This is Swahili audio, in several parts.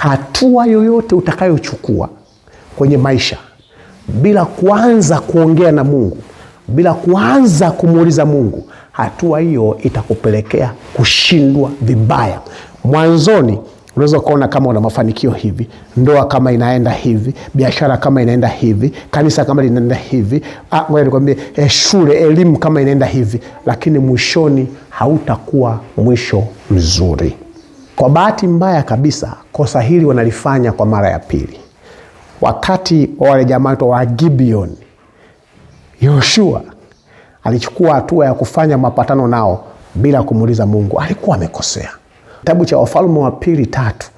Hatua yoyote utakayochukua kwenye maisha bila kuanza kuongea na Mungu, bila kuanza kumuuliza Mungu, hatua hiyo itakupelekea kushindwa vibaya. Mwanzoni unaweza ukaona kama una mafanikio hivi, ndoa kama inaenda hivi, biashara kama inaenda hivi, kanisa kama linaenda hivi, ah, ngoja nikwambie, e, shule, elimu kama inaenda hivi, lakini mwishoni hautakuwa mwisho mzuri. Kwa bahati mbaya kabisa, kosa hili wanalifanya kwa mara ya pili. Wakati wa wale jamaa wa Gibeon, Yoshua alichukua hatua ya kufanya mapatano nao bila kumuuliza Mungu. Alikuwa amekosea. Kitabu cha Wafalme wa Pili tatu,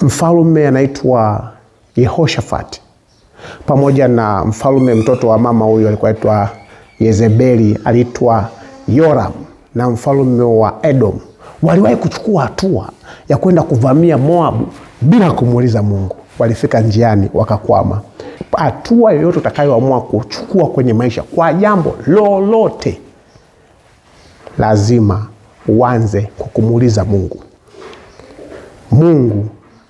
mfalme anaitwa Yehoshafati pamoja na mfalme mtoto wa mama huyu alikuwa aitwa Yezebeli, aliitwa Yoram na mfalme wa Edom Waliwahi kuchukua hatua ya kwenda kuvamia Moabu bila kumuuliza Mungu. Walifika njiani wakakwama. Hatua yoyote utakayoamua kuchukua kwenye maisha kwa jambo lolote, lazima uanze kwa kumuuliza Mungu. Mungu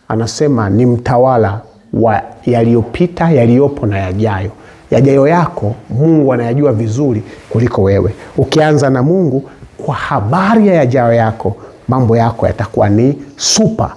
anasema ni mtawala wa yaliyopita, yaliyopo na yajayo. Yajayo yako Mungu anayajua vizuri kuliko wewe. Ukianza na Mungu kwa habari ya yajayo yako, mambo yako yatakuwa ni super.